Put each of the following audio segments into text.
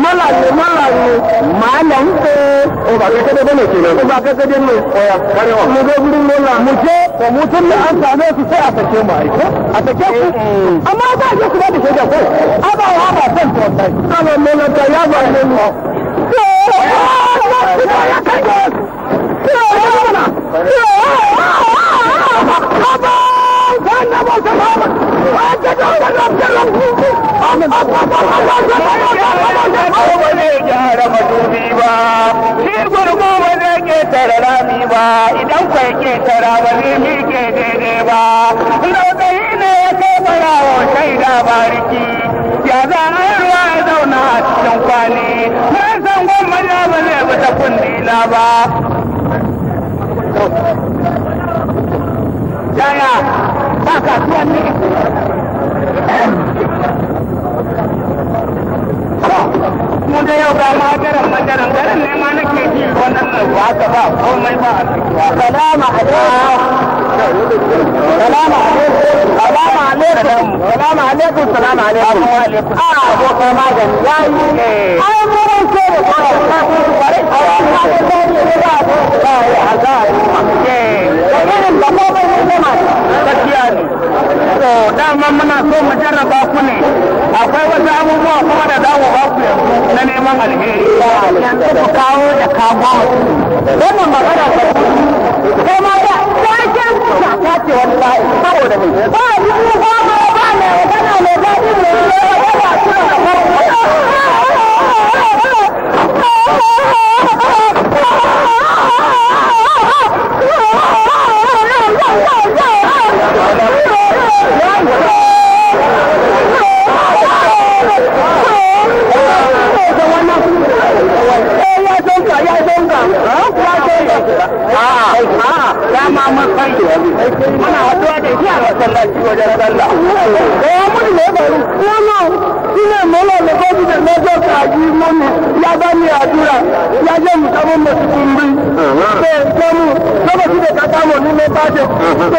mọ́làyé mọ́làyé màá lọ ń pe. ọba kékeré bẹ́ẹ̀ lè ọba kékeré mi. ọya kárí wa. mo bẹ wuli mo la. mo jẹ mo tẹ ní an ta ne fi se a tẹ kẹ ma ye. a tẹ kẹ kun. a ma b'a jẹ kuma de kẹ jẹ ko. a b'a wa a b'a fẹn tọ ta ye. a bẹ mẹlẹ ta y'a b'a ye nɔ. Baba! Baba! Baba! tara rami ba ba daidai ba bariki ya zauna a cikin ba. kasuwanni mu da yau ga ma garan madaran garan ne ma nake ji wannan ba ka ba komai ba a cikiwa salama alaikum salama alaikum salama alaikum salama alaikum salama alaikum a abokan magani yayi ai mun ce da ba ba bare a wannan da ne ba ba ya ga ne da irin da ba ba ne ma dama muna so mu jarraba ku ne akwai wasu abubuwa kuma da zamu ba ku yanzu na neman alheri yanzu ku kawo da kawo wannan magana ta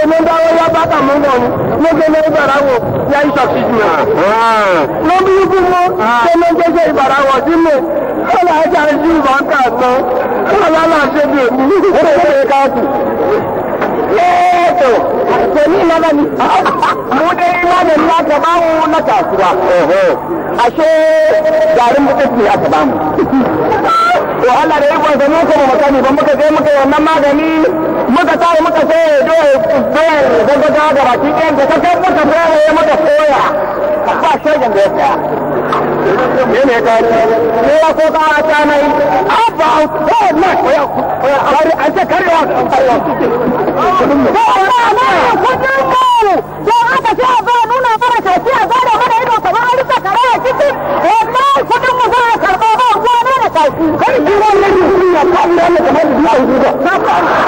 mun dawo ya bata mun gani ne ke ne ibarawo ya yi tafi jina no bi yi kuma ke ne ke ke ibarawo ji ne kala aja ji ba ka so kala la se bi mi ko ne ka tu Eto, tẹ̀lé ìlànà ni, mo dé ìlànà ní àtàbáwò náà kàkúrà. Àṣé gàrí mo to Allah da ikon sa mu ko mu makani ba muka kai muka wannan magani muka tawo muka sai ya ga da baki ɗayan da muka ya eh, muka koya ba shagen da ya ne ta ne ya ko ka ta mai abba ko na ko ya ko ya an ta ko Allah ko ko ko ko ko ko ko ko ko ko Allah kamar da dukan guga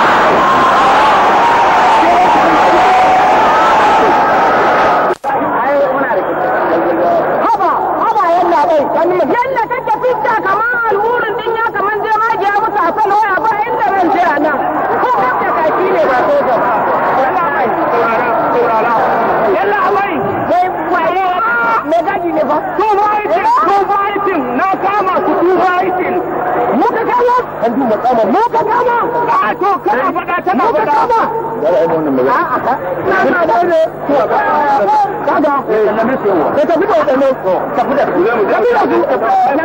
wannan matsalar mu ka kama a to kana faɗa tana faɗa kama ba magana a'a na da ne ka ka ka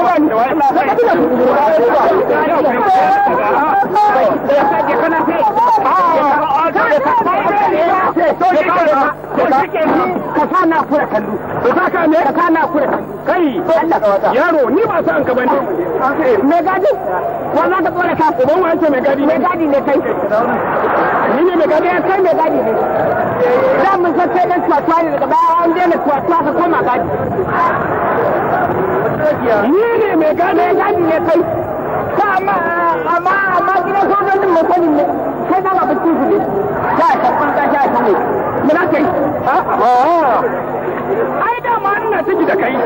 ba ni ka ka sa na kura kallo ka na kura kallo kai yaro ni ba sa an ka bane me gadi ko za ka kora ka uban wa yake me gadi me gadi ne kai ni ne me gadi ya eh, kai me gadi ne da mun san sai dan tuwa ne daga baya an daina tuwa tuwa ka koma gadi ni ne me gadi me gadi ne kai amma amma amma gidan sojojin mutum ne sai da ba bikin su ne ai da ma ina ciki da kai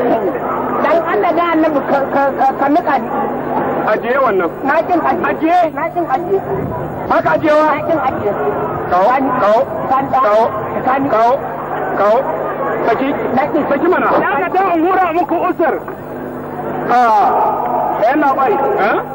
dan Allah da annabi ka nika ni ajiye wannan na kin ajiye na kin ajiye haka ajiyewa na kin ajiye kawo kawo kawo kawo kawo saki saki mana na ka ta hura muku usar ah yana bai eh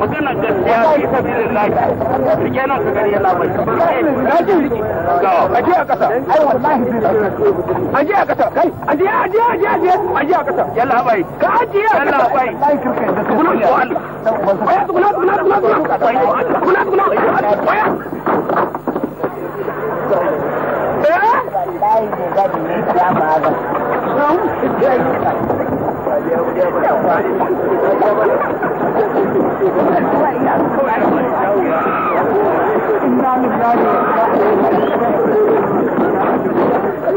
magana gaskiya fi sabilin lahi rike nan ka gari yana mai aje a kasa ai wallahi aje a kasa kai aje aje aje aje aje a kasa yalla bai ka aje a kasa bai kuna ko an waya kuna kuna kuna kuna kuna kuna waya eh Não, não, não.